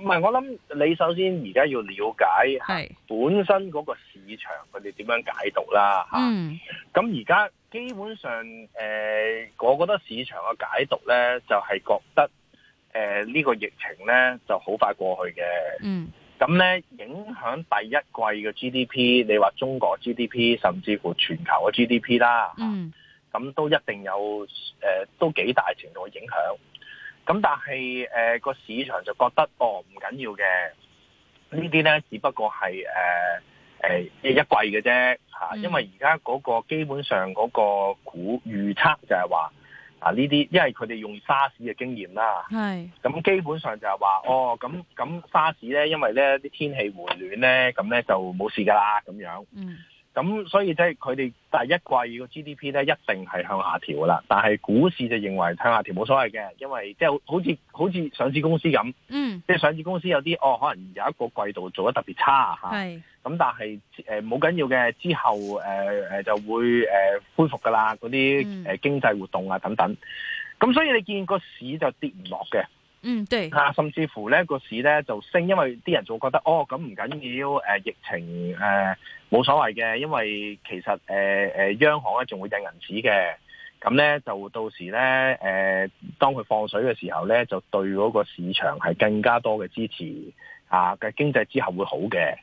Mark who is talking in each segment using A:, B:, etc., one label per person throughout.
A: 唔係，我諗你首先而家要了解下、啊、本身嗰個市場佢哋點樣解讀啦，咁而家基本上誒、呃，我覺得市場嘅解讀咧，就係、是、覺得誒呢、呃呢個疫情咧就好快過去嘅。嗯。咁咧影響第一季嘅 GDP，你話中國 GDP 甚至乎全球嘅 GDP 啦。嗯。咁、啊、都一定有誒、呃，都幾大程度嘅影響。咁但係，誒個市場就覺得哦，唔緊要嘅，呢啲咧只不過係誒、呃呃、一季嘅啫、啊嗯、因為而家嗰個基本上嗰個估預測就係話啊，呢啲，因為佢哋用沙士嘅經驗啦，咁是基本上就係話哦咁咁沙士咧，因為咧啲天氣回暖咧，咁咧就冇事噶啦咁樣。嗯。咁、嗯、所以即係佢哋第一季個 GDP 咧一定係向下調噶啦，但係股市就認為向下調冇所謂嘅，因為即係好似好似上市公司咁，即係、嗯、上市公司有啲哦，可能有一個季度做得特別差咁是、啊、但係冇、呃、緊要嘅，之後、呃、就會、呃、恢復噶啦，嗰啲誒經濟活動啊等等，咁、嗯嗯、所以你見個市就跌唔落嘅。嗯，對、啊、甚至乎咧個市咧就升，因為啲人就覺得哦咁唔緊要，誒、呃、疫情誒冇、呃、所謂嘅，因為其實誒誒、呃呃、央行咧仲會印銀紙嘅，咁咧就到時咧誒、呃、當佢放水嘅時候咧，就對嗰個市場係更加多嘅支持啊嘅經濟之後會好嘅，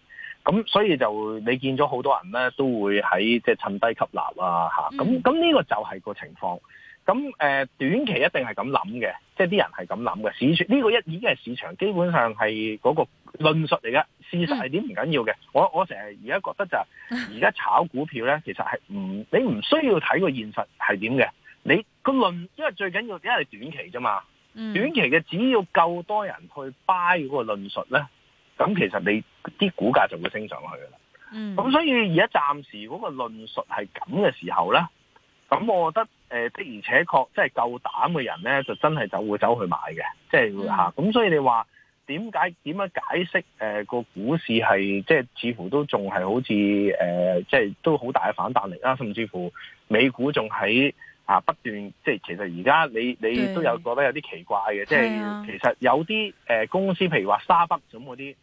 A: 咁、啊、所以就你見咗好多人咧都會喺即係趁低吸納啊吓，咁咁呢個就係個情況。咁誒、呃、短期一定係咁諗嘅，即係啲人係咁諗嘅。市場呢、呢個一已經係市場，基本上係嗰個論述嚟嘅。事實係點唔緊要嘅、嗯。我我成日而家覺得就係而家炒股票咧，其實係唔你唔需要睇個現實係點嘅。你個論因為最緊要因你短期啫嘛，嗯、短期嘅只要夠多人去 buy 嗰個論述咧，咁其實你啲股價就會升上去嘅啦。咁、嗯、所以而家暫時嗰個論述係咁嘅時候咧。咁我覺得誒、呃、的而且確，即係夠膽嘅人咧，就真係走會走去買嘅，即係嚇。咁、嗯、所以你話點解點樣解釋誒、呃、個股市係即係似乎都仲係好似誒、呃，即係都好大嘅反彈力啦，甚至乎美股仲喺啊不斷，即係其實而家你你都有覺得有啲奇怪嘅，即係對其實有啲誒、呃、公司，譬如話沙北咁嗰啲。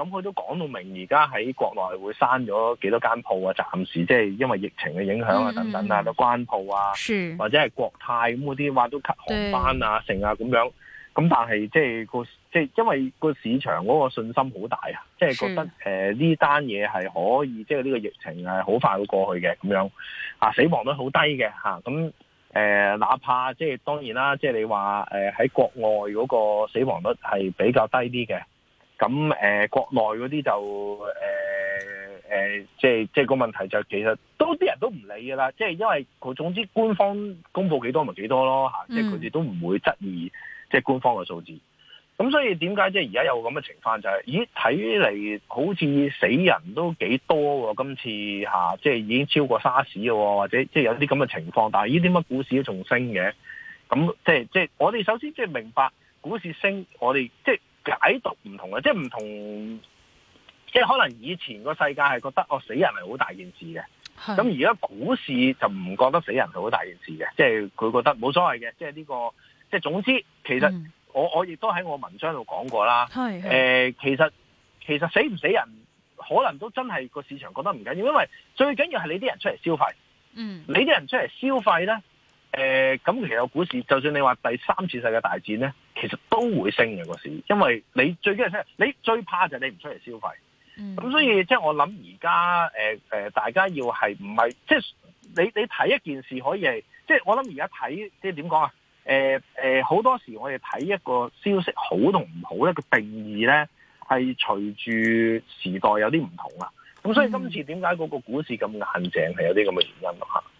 A: 咁佢都講到明，而家喺國內會閂咗幾多間鋪啊暫？暫時即係因為疫情嘅影響、嗯、啊，等等啊，就關鋪啊，或者係國泰咁嗰啲話都 cut 航班啊，對成啊咁樣。咁但係即係個即係因為個市場嗰個信心好大啊，即、就、係、是、覺得呢單嘢係可以，即係呢個疫情係好快會過去嘅咁樣啊，死亡率好低嘅咁、啊呃、哪怕即係、就是、當然啦，即、就、係、是、你話喺、呃、國外嗰個死亡率係比較低啲嘅。咁誒、呃、國內嗰啲就誒誒，即係即係個問題就其實都啲人都唔理㗎啦，即係因為佢總之官方公布幾多咪幾多咯吓，即係佢哋都唔會質疑即係官方嘅數字。咁所以點解即係而家有咁嘅情況就係，咦睇嚟好似死人都幾多喎？今次吓，即係已經超過沙士嘅，或者即係有啲咁嘅情況。但係呢啲乜股市都仲升嘅，咁即係即係我哋首先即係明白股市升，我哋即係。解讀唔同嘅，即係唔同，即係可能以前個世界係覺得哦死人係好大件事嘅，咁是而家股市就唔覺得死人係好大件事嘅，即係佢覺得冇所謂嘅，即係呢、這個，即係總之，其實、嗯、我我亦都喺我文章度講過啦，係誒是、呃、其實其實死唔死人可能都真係個市場覺得唔緊要，因為最緊要係你啲人出嚟消費，
B: 嗯，你
A: 啲人出嚟消費咧，誒、呃、咁其實股市，就算你話第三次世界大戰咧。其實都會升嘅個市，因為你最緊係你最怕就係你唔出嚟消費，咁、嗯、所以即係、就是、我諗而家誒誒大家要係唔係即係你你睇一件事可以係、就是、即係我諗而家睇即係點講啊？誒誒好多時我哋睇一個消息好同唔好咧個定義咧係隨住時代有啲唔同啊，咁所以今次點解嗰個股市咁硬淨係有啲咁嘅原因嘅、啊、吓？嗯嗯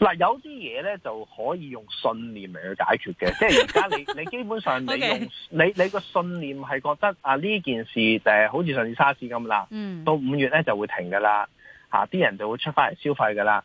A: 嗱，有啲嘢咧就可以用信念嚟去解決嘅， 即係而家你你基本上你用 Okay. 你你個信念係覺得啊呢件事誒好似上次沙士咁啦，嗯、到五月咧就會停噶啦，嚇、啊、啲人就會出翻嚟消費噶啦，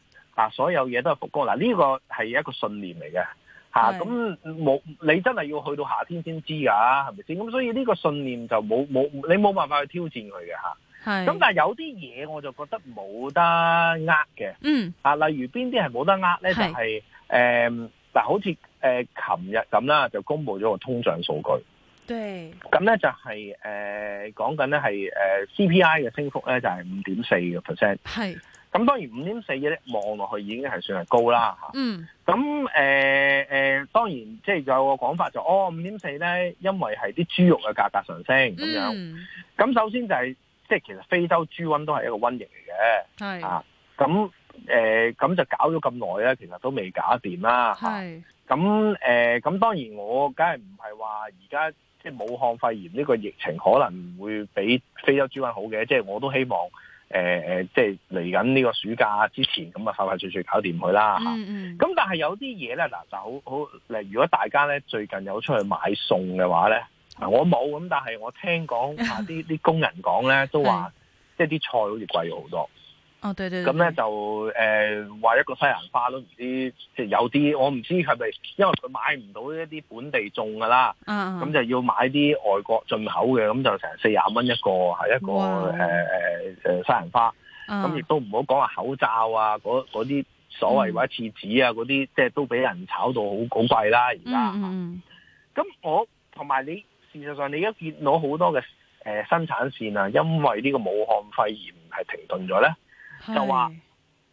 A: 所有嘢都係復工，嗱呢、這個係一個信念嚟嘅嚇，咁冇你真係要去到夏天先知㗎，係咪先？咁所以呢個信念就冇冇你冇辦法去挑戰佢嘅嚇。係，咁是但係有啲嘢我就覺得冇得呃嘅，嗯，啊，例如邊啲係冇得呃是、就是、呃咧，就係誒嗱，好似誒琴日咁啦，就公布咗個通脹數據，
B: 對，
A: 咁咧就係誒講緊咧係誒 CPI 嘅升幅咧就係五點四個 percent，係，咁是當然五點四咧望落去已經係算係高啦，吓，嗯，咁誒誒，當然即係有個講法就是，哦，五點四咧，因為係啲豬肉嘅價格上升咁、嗯、樣，咁首先就係、是。即係其實非洲豬瘟都係一個瘟疫嚟嘅，係啊，咁誒咁就搞咗咁耐咧，其實都未搞掂啦。係咁，誒咁當然我梗係唔係話而家即係武漢肺炎呢個疫情可能會比非洲豬瘟好嘅，即係我都希望誒、呃、即係嚟緊呢個暑假之前咁啊快快脆脆搞掂佢啦嚇。咁但係有啲嘢咧嗱就好好，如果大家咧最近有出去買餸嘅話咧。我冇咁，但係我聽講話啲啲工人講咧，都話 是即係啲菜好似貴咗好多。
C: 哦，對對，對，咁咧
A: 就誒話、呃、一個西蘭花都唔知道即係有啲，我唔知係咪因為佢買唔到一啲本地種噶啦。嗯咁、啊、就要買啲外國進口嘅，咁、啊、就成四十蚊一個係哇一個誒誒誒西蘭花。咁亦、啊、都唔好講話口罩啊，嗰啲所謂、嗯、或者廁紙啊，嗰啲即係都俾人炒到好貴啦！而家，咁、嗯嗯、我同埋你。事實上你現，你而家見到好多嘅誒生產線啊，因為呢個武漢肺炎係停頓咗咧，
B: 是就話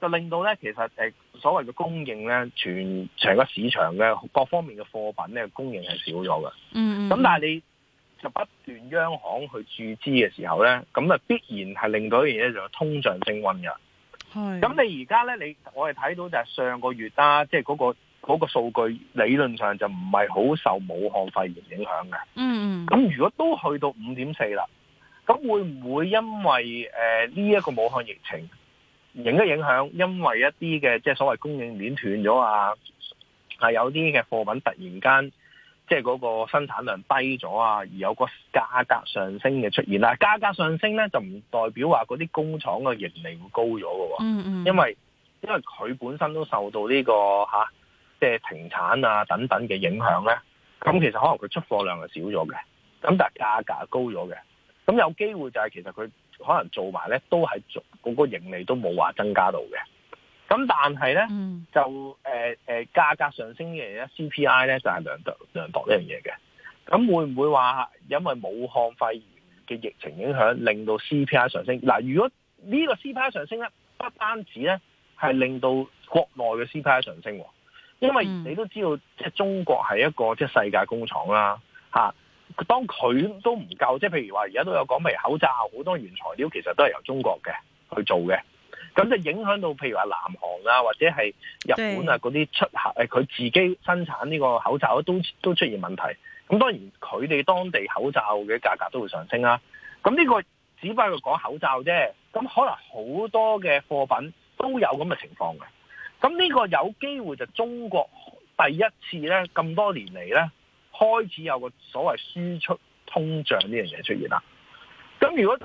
A: 就令到咧其實誒、呃、所謂嘅供應咧，全成個市場嘅各方面嘅貨品咧供應係少咗嘅。嗯，嗯，咁但係你就不斷央行去注資嘅時候咧，咁啊必然係令到一樣嘢就通脹升溫㗎。係是，咁你而家咧，你我哋睇到就係上個月啦，即係嗰個。嗰個數據理論上就唔係好受武漢肺炎影響嘅。嗯，嗯，咁如果都去到五點四啦，咁會唔會因為呃呢一個武漢疫情影一影響？因為一啲嘅即係所謂供應鏈斷咗啊，係有啲嘅貨品突然間即係嗰個生產量低咗啊，而有個價格上升嘅出現啦、啊。價格上升咧就唔代表話嗰啲工廠嘅盈利會高咗㗎。嗯嗯，因為因為佢本身都受到呢、呢個、啊即係停產啊等等嘅影響咧，咁其實可能佢出貨量係少咗嘅，咁但係價格高咗嘅，咁有機會就係其實佢可能做埋咧都係做嗰、那個盈利都冇話增加到嘅，咁但係咧、嗯、就誒誒、呃呃、價格上升嘅嘢咧 CPI 咧就係、是、量度量度呢樣嘢嘅，咁會唔會話因為武漢肺炎嘅疫情影響，令到 CPI 上升？嗱，如果呢個 CPI 上升咧，不單止咧係令到國內嘅 CPI 上升。因為你都知道，即係中國係一個即係世界工廠啦，嚇、啊。當佢都唔夠，即係譬如話，而家都有講，譬如口罩好多原材料其實都係由中國嘅去做嘅，咁就影響到譬如話南韓啦、啊，或者係日本啊嗰啲對出口，誒佢自己生產呢個口罩都都出現問題。咁當然佢哋當地口罩嘅價格都會上升啦。咁呢個只不過講口罩啫，咁可能好多嘅貨品都有咁嘅情況嘅。咁呢個有機會就中國第一次咧，咁多年嚟咧，開始有個所謂輸出通脹呢樣嘢出現啦。咁如果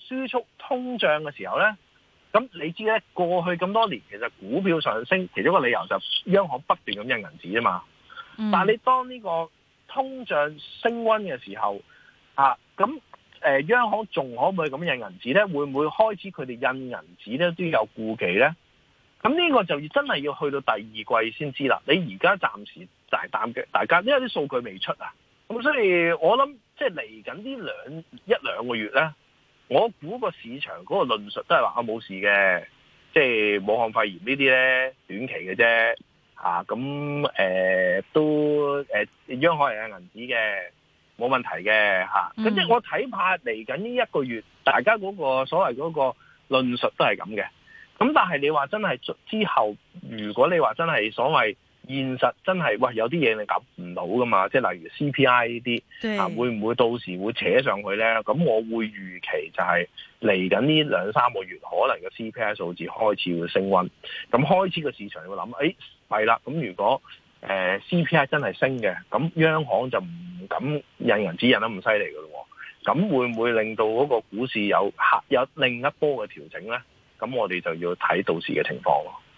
A: 輸出通脹嘅時候咧，咁你知咧，過去咁多年其實股票上升，其中一個理由就央行不斷咁印銀紙啊嘛。
B: 但係你
A: 當呢個通脹升温嘅時候啊，咁、呃、央行仲可唔可以咁印銀紙咧？會唔會開始佢哋印銀紙咧都有顧忌咧？咁呢個就真係要去到第二季先知啦。你而家暫時大擔嘅大家，因為啲數據未出啊。咁所以我諗，即係嚟緊呢兩一兩個月咧，我估個市場嗰個論述都係話我冇事嘅，即係武漢肺炎呢啲咧短期嘅啫。嚇咁誒都誒、呃，央行有銀紙嘅，冇問題嘅嚇。咁即係我睇怕嚟緊呢一個月，大家嗰個所謂嗰個論述都係咁嘅。咁但係你話真係之後，如果你話真係所謂現實真係，喂有啲嘢你搞唔到噶嘛？即係例如 CPI 呢啲，對啊，會唔會到時會扯上去咧？咁我會預期就係嚟緊呢兩三個月，可能個 CPI 數字開始會升溫。咁開始個市場會諗，誒係啦。咁如果誒、呃、CPI 真係升嘅，咁央行就唔敢引人指引得咁犀利噶咯。咁會唔會令到嗰個股市有有另一波嘅調整咧？咁我哋就要睇到時嘅情況。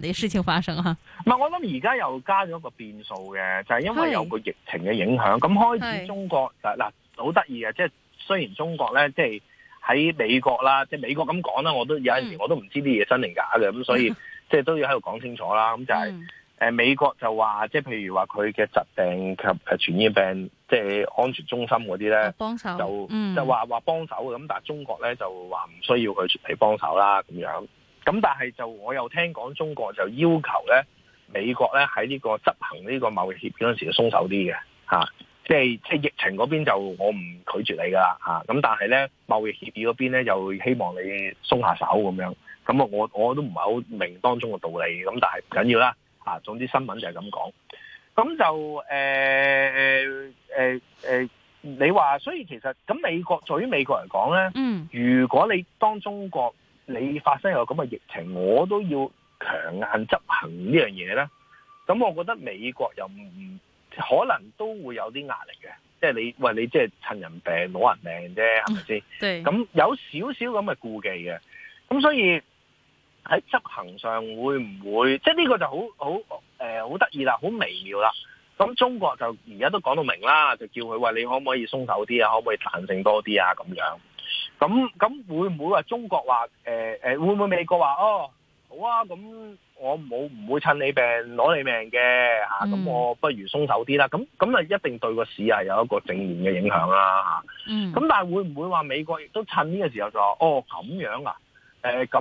C: 啲事情發生嚇、
A: 啊，唔係我諗而家又加咗個變數嘅，就係、是、因為有個疫情嘅影響，咁是開始中國嗱嗱好得意嘅，即係雖然中國咧，即係喺美國啦，即係美國咁講啦，我都、嗯、我有陣時我都唔知啲嘢真定假嘅，咁所以、嗯、即係都要喺度講清楚啦。咁就係、是、誒、嗯呃、美國就話，即係譬如話佢嘅疾病及誒傳染病，即係安全中心嗰啲咧，幫手忙就、嗯、就話話幫手嘅，咁但係中國咧就話唔需要佢出嚟幫手啦，咁樣。咁但係就我又聽講中國就要求咧，美國咧喺呢個執行呢個貿易協議嗰陣時就鬆手啲嘅吓，即係即係疫情嗰邊就我唔拒絕你噶啦吓，咁、啊、但係咧貿易協議嗰邊咧又希望你鬆下手咁樣，咁啊我我都唔係好明當中嘅道理，咁、啊、但係唔緊要啦吓、啊，總之新聞就係咁講，咁就誒誒誒誒你話，所以其實咁美國對於美國嚟講咧，嗯，如果你當中國。你發生有咁嘅疫情，我都要強硬執行這呢樣嘢咧。咁我覺得美國又唔可能都會有啲壓力嘅，即係你喂，你即係趁人病攞人命啫，係咪先？咁 對有少少咁嘅顧忌嘅。咁所以喺執行上會唔會即係呢個就好好誒好得意啦，好、呃、微妙啦。咁中國就而家都講到明啦，就叫佢喂，你可唔可以鬆手啲啊，可唔可以彈性多啲啊咁樣。咁咁會唔會話中國話誒、呃、會唔會美國話哦，好啊，咁我冇唔會，會趁你病攞你命嘅，嚇，咁我不如鬆手啲啦，咁咁啊，一定對個市係有一個正面嘅影響啦嚇。咁、啊、但係會唔會話美國亦都趁呢個時候就話哦，咁樣啊誒咁、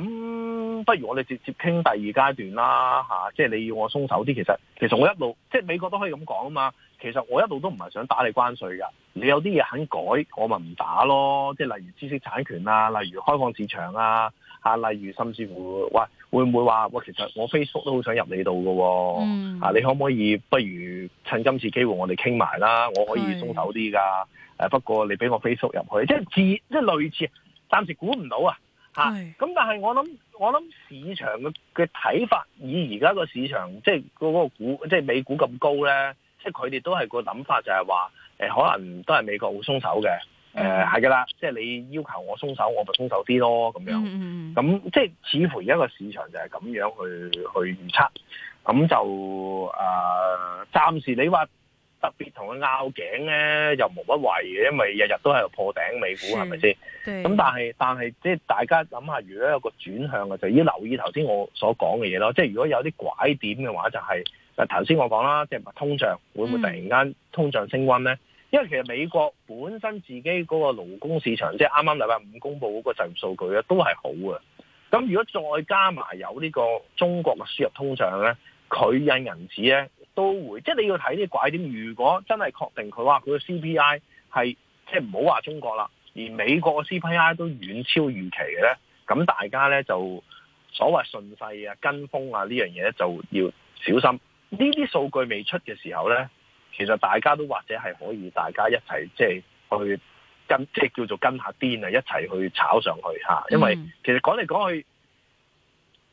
A: 呃、不如我哋直接傾第二階段啦、啊、即係你要我鬆手啲，其實其實我一路即係美國都可以咁講啊嘛。其實我一路都唔係想打你關稅㗎，你有啲嘢肯改，我咪唔打咯。即係例如知識產權啊，例如開放市場啊，啊，例如甚至乎，喂會唔會話，喂其實我 Facebook 都好想入你度嘅喎，你可唔可以不如趁今次機會我哋傾埋啦，我可以鬆手啲㗎。是不過你俾我 Facebook 入去，即係似即係類似，暫時估唔到啊，嚇，咁是但係我諗，我諗市場嘅嘅睇法，以而家個市場，即係嗰個股，即係美股咁高咧。即係佢哋都係個諗法就係話，就係話誒，可能都係美國會鬆手嘅，誒係嘅啦。即、hmm. 係、呃就係、你要求我鬆手，我就鬆手啲咯，咁樣。咁、mm hmm. 嗯、即係似乎而家個市場就係咁樣去去預測。咁、嗯、就誒，暫、呃、時你話特別同佢拗頸咧，又冇乜謂嘅，因為日日都係破頂美股係咪先？咁但係但係，即係大家諗下，如果有一個轉向嘅時候，就要留意頭先我所講嘅嘢咯。即係如果有啲拐點嘅話、就係，就係。誒頭先我講啦，即係物通脹會唔會突然間通脹升溫咧？嗯、因為其實美國本身自己嗰個勞工市場，即係啱啱禮拜五公佈嗰個就業數據咧，都係好嘅。咁如果再加埋有呢個中國嘅輸入通脹咧，佢印銀紙咧都會，即係你要睇啲拐點。如果真係確定佢話佢嘅 CPI 係即係唔好話中國啦，而美國嘅 CPI 都遠超預期嘅咧，咁大家咧就所謂順勢啊、跟風啊呢樣嘢咧就要小心。呢啲數據未出嘅時候呢，其實大家都或者係可以大家一齊即係去跟，即係叫做跟下邊啊，一齊去炒上去吓。因為其實講嚟講去，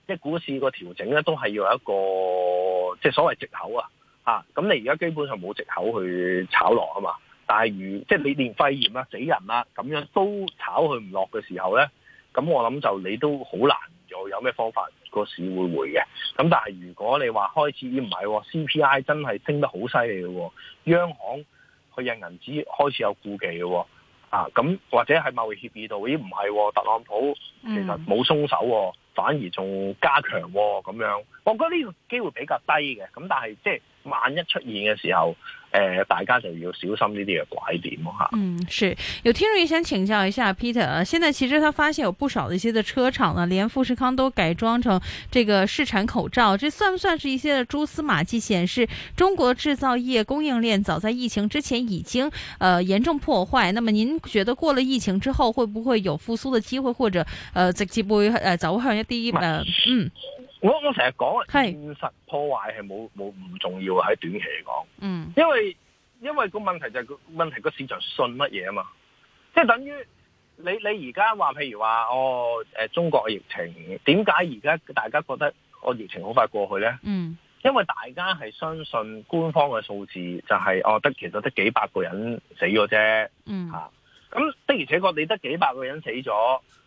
A: 即係股市個調整呢，都係要有一個即係所謂藉口啊吓。咁你而家基本上冇藉口去炒落啊嘛。但係如即係你連肺炎啊、死人啦、啊、咁樣都炒佢唔落嘅時候呢，咁我諗就你都好難有有咩方法。個市會回嘅，咁但係如果你話開始咦唔係、哦，CPI 真係升得好犀利嘅，央行去印銀紙開始有顧忌嘅、哦，啊，咁或者係貿易協議度咦唔係、哦，特朗普其實冇鬆手、哦，反而仲加強咁、哦、樣，我覺得呢個機會比較低嘅，咁但係即係。萬一出現嘅時候，大家就要小心呢啲嘅拐點。嗯，
C: 是。有聽眾想請教一下 Peter 啊，現在其實他發現有不少的一些的車廠呢，連富士康都改裝成這個試產口罩，這算不算是一些蛛絲馬跡，顯示中國製造業供應鏈早在疫情之前已經嚴、呃、嚴重破壞？那麼您覺得過了疫情之後，會不會有復甦嘅機會，或者呃直接會誒走向一啲嗯？
A: 我我成日講現實破壞係冇冇唔重要喺短期嚟講，嗯因，因為因為個問題就係、是、個問題個市場信乜嘢啊嘛，即、就、係、是、等於你你而家話譬如話哦誒、呃、中國嘅疫情點解而家大家覺得個疫情好快過去咧？嗯，因為大家係相信官方嘅數字就係、是、哦得其實得幾百個人死咗啫，嗯吓，咁、啊、的而且確你得幾百個人死咗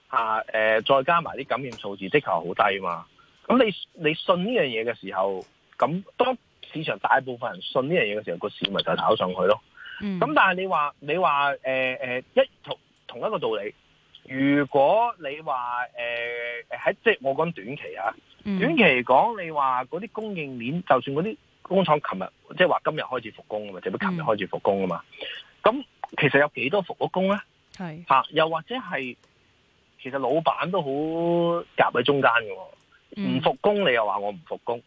A: 吓誒，再加埋啲感染數字，即係好低嘛。咁你你信呢樣嘢嘅時候，咁當市場大部分人信呢樣嘢嘅時候，個市咪就炒上去咯。咁、嗯、但係你話你話誒誒，一同同一個道理。如果你話誒喺即係我講短期啊，嗯、
B: 短期嚟
A: 講，你話嗰啲供應鏈，就算嗰啲工廠琴日即係話今日開始復工啊嘛，至少琴日開始復工啊嘛。咁其實有幾多復工咧？係吓是、啊，又或者係其實老闆都好夾喺中間嘅。唔復、嗯、工，工，你又話我唔復工。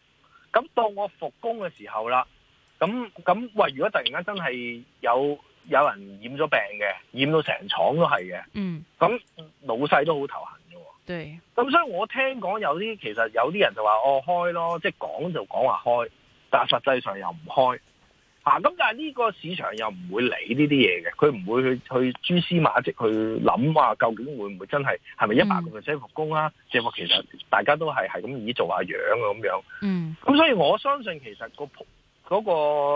A: 咁到我復工嘅時候啦，咁咁喂，如果突然間真係有有人染咗病嘅，染到成廠都係嘅，嗯，咁老細都好頭痕嘅。對，咁所以我聽講有啲其實有啲人就話我、哦、開咯，即係講就講、是、話開，但係實際上又唔開。啊，咁但係呢個市場又唔會理呢啲嘢嘅，佢唔會去去蛛絲馬跡去諗話、啊、究竟會唔會真係係咪一百個 percent 復工啦、啊？即係話其實大家都係係咁以做下樣咁樣。嗯。咁所以我相信其實、個嗰、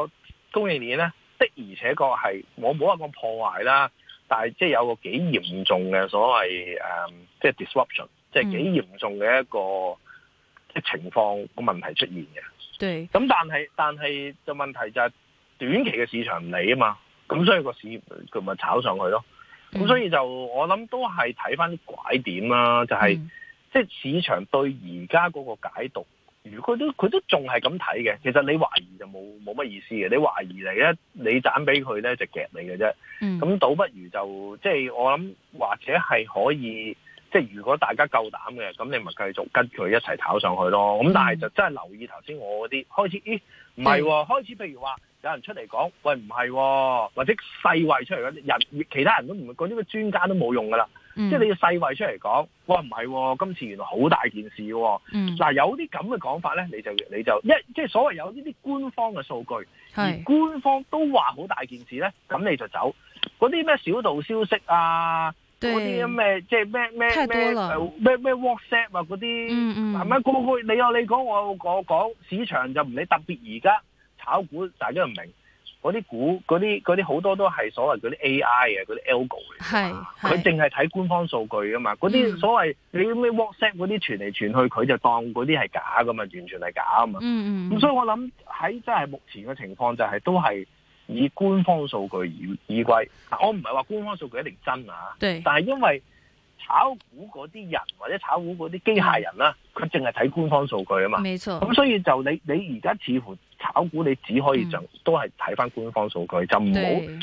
A: 個供應鏈咧，的而且確係我冇話講破壞啦。但係即係有個幾嚴重嘅所謂即係、嗯即係、disruption，即係幾嚴重嘅一個情況個問題出現嘅。咁、嗯、但係但係就問題就係、是。短期嘅市場唔理啊嘛，咁所以個市佢咪炒上去咯。咁所以就我諗都係睇翻啲拐點啦，就係、是嗯、即係市場對而家嗰個解讀，如果都佢都仲係咁睇嘅，其實你懷疑就冇冇乜意思嘅。你懷疑嚟咧，你盞俾佢咧就夾你嘅啫。
B: 咁、嗯、倒
A: 不如就即係我諗，或者係可以即係如果大家夠膽嘅，咁你咪繼續跟佢一齊炒上去咯。咁但係就真係留意頭先我嗰啲開始，咦唔係、啊嗯、開始，譬如話。有人出嚟講，喂唔係、哦，或者世衛出嚟啲人，其他人都唔會講呢個專家都冇用噶啦，
B: 即係、嗯、你要世
A: 衛出嚟講，哇唔係、哦，今次原來好大件事、哦，嗱、嗯啊、有啲咁嘅講法咧，你就你就一即係所謂有呢啲官方嘅數據，是而官方都話好大件事咧，咁你就走嗰啲咩小道消息啊，嗰啲咩即係咩咩咩咩 WhatsApp 啊嗰啲，係咪過去，你有、啊、你講、啊、我、啊、我講、啊，市場就唔理特別而家。炒股大家唔明，嗰啲股嗰啲啲好多都係所謂嗰啲 AI 啊，嗰啲 algo 嚟，佢淨係睇官方數據噶嘛，嗰啲所謂、嗯、你咩 WhatsApp 嗰啲傳嚟傳去，佢就當嗰啲係假噶嘛，完全係假啊嘛。嗯嗯。咁所以我諗喺即係目前嘅情況就係、是、都係以官方數據以依歸，我唔係話官方數據一定是真啊，對但係因為。炒股嗰啲人或者炒股嗰啲機械人啦，佢淨係睇官方數據啊嘛，冇錯。咁所以就你你而家似乎炒股你只可以就、嗯、都係睇翻官方數據，就唔好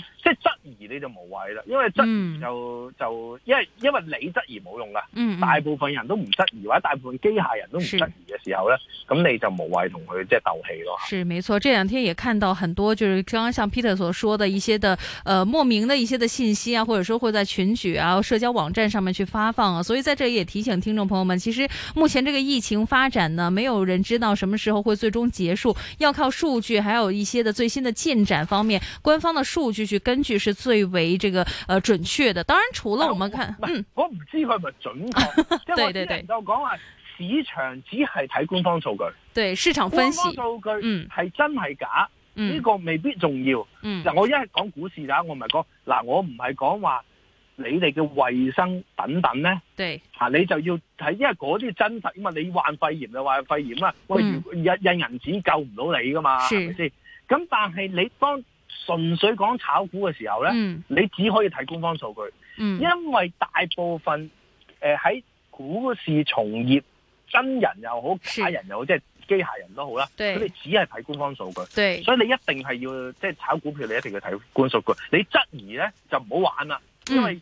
A: 疑呢就無謂啦，因為質疑就、嗯、就因為因為你質疑冇用噶，嗯嗯，大部分人都唔質疑或者大部分機械人都唔質疑嘅時候呢，咁是你就無謂同佢即係鬥氣咯。是，
C: 沒錯，這兩天也看到很多，就是剛剛像 Peter 所說的一些的，呃，莫名的一些的信息啊，或者說會在群組啊、社交網站上面去發放啊，所以在這裡也提醒聽眾朋友們，其實目前這個疫情發展呢，沒有人知道什麼時候會最終結束，要靠數據，還有一些的最新的進展方面，官方的數據去根據是。最為這個誒、呃、準確的，當然除了我們看，
A: 呃、我唔知佢係咪準確，因為我哋就講話市場只係睇官方數據，對市場分析，數據是是嗯，係真係假，呢個未必重要。嗱、嗯，我一係講股市啊，我咪講嗱，我唔係講話你哋嘅衛生等等咧，對，啊，你就要睇，因為嗰啲真實啊嘛，因為你患肺炎就患肺炎啊，喂、呃，印印銀紙救唔到你噶嘛，係咪先？咁但係你當。純粹講炒股嘅時候咧，嗯、你只可以睇官方數據，嗯、因為大部分誒喺、呃、股市從業真人又好，假人又好，是即係機械人都好啦，佢哋對只係睇官方數據，對所以你一定係要即係、就是、炒股票，你一定要睇官方數據。你質疑咧就唔好玩啦，嗯、因為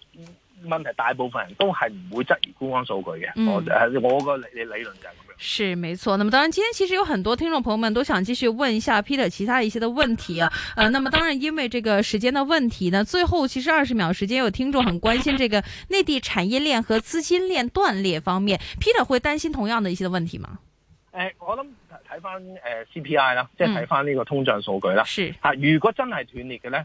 A: 問題大部分人都係唔會質疑官方數據嘅，嗯、我誒個理理論
C: 就係咁是，沒錯，那麼當然，今天其實有很多聽眾朋友們都想繼續問一下 Peter 其他一些的問題啊，呃，那麼當然，因為這個時間的問題呢，最後其實二十秒時間有聽眾很關心這個內地產業鏈和資金鏈斷裂方面，Peter 會擔心同樣的一些的問題嗎？呃、我諗睇翻、
A: 呃、CPI 啦，即係睇翻呢個通脹數據啦，嗯、是啊，如果真係斷裂嘅呢？